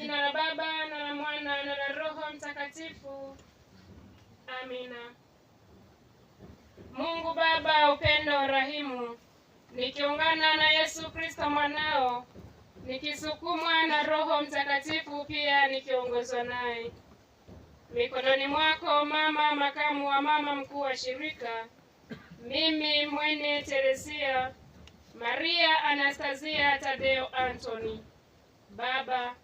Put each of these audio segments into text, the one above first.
jina la Baba na la Mwana na la Roho Mtakatifu. Amina. Mungu Baba upendo rahimu, nikiungana na Yesu Kristo mwanao, nikisukumwa na Roho Mtakatifu pia nikiongozwa naye, mikononi mwako mama makamu wa mama mkuu wa shirika, mimi mwene Teresia Maria Anastasia Tadeo antoni Baba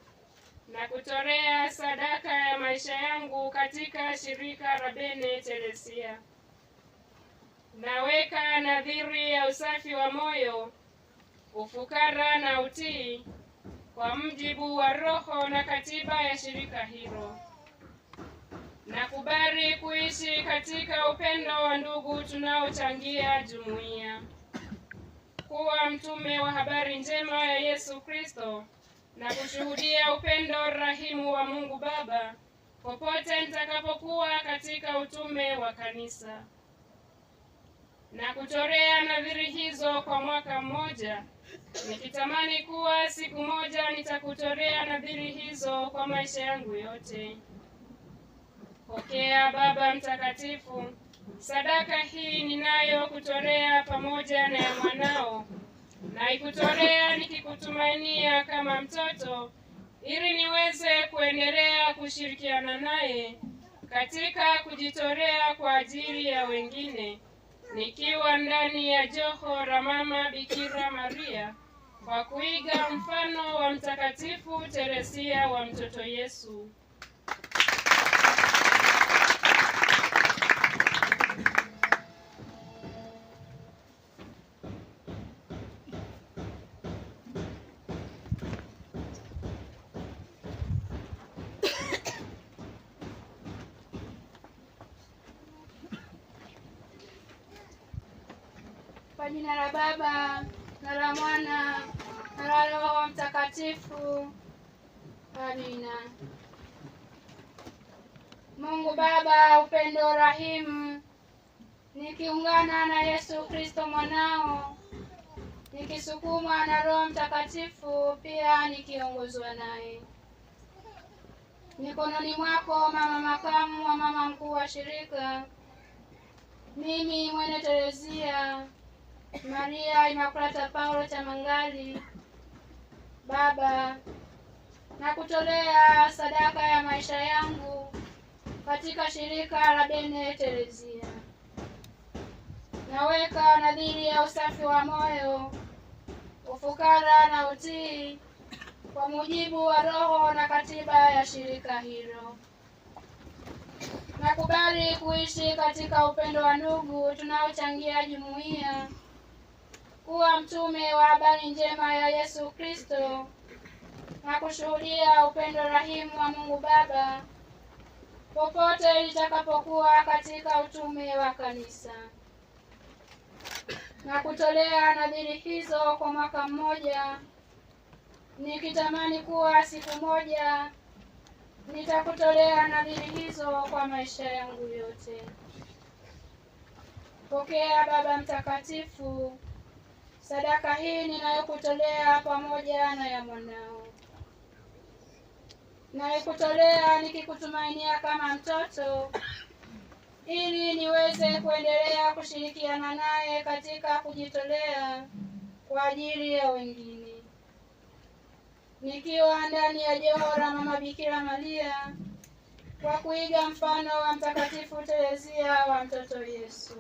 na kutolea sadaka ya maisha yangu katika shirika la Bene Teresia. Naweka nadhiri ya usafi wa moyo, ufukara na utii kwa mjibu wa roho na katiba ya shirika hilo. Nakubali kuishi katika upendo wa ndugu tunaochangia jumuiya, kuwa mtume wa habari njema ya Yesu Kristo na kushuhudia upendo rahimu wa Mungu Baba popote nitakapokuwa katika utume wa kanisa, na kutorea nadhiri hizo kwa mwaka mmoja, nikitamani kuwa siku moja nitakutorea nadhiri hizo kwa maisha yangu yote. Pokea Baba Mtakatifu sadaka hii ninayokutorea pamoja na ya mwanao naikutolea nikikutumainia kama mtoto, ili niweze kuendelea kushirikiana naye katika kujitolea kwa ajili ya wengine, nikiwa ndani ya joho la Mama Bikira Maria kwa kuiga mfano wa Mtakatifu Teresia wa Mtoto Yesu. Kwa jina la Baba na la Mwana na la Roho Mtakatifu, amina. Mungu Baba upendo rahimu, nikiungana na Yesu Kristo mwanao, nikisukumwa na Roho Mtakatifu, pia nikiongozwa naye mikononi mwako, mama makamu wa mama mkuu wa shirika, mimi Mwene Terezia Maria Imakulata Paulo Chamangali, Baba, nakutolea sadaka ya maisha yangu katika shirika la Bene Terezia. Naweka nadhiri ya usafi wa moyo, ufukara na utii kwa mujibu wa roho na katiba ya shirika hilo. Nakubali kuishi katika upendo wa ndugu tunaochangia jumuiya kuwa mtume wa habari njema ya Yesu Kristo na kushuhudia upendo rahimu wa Mungu Baba popote litakapokuwa katika utume wa kanisa na kutolea nadhiri hizo kwa mwaka mmoja, nikitamani kuwa siku moja nitakutolea nadhiri hizo kwa maisha yangu yote. Pokea Baba Mtakatifu sadaka hii ninayokutolea pamoja na ya mwanao naikutolea nikikutumainia kama mtoto ili niweze kuendelea kushirikiana naye katika kujitolea kwa ajili ya wengine. Nikiwa ndani ya joho la Mama Bikira Maria kwa kuiga mfano wa Mtakatifu Terezia wa mtoto Yesu.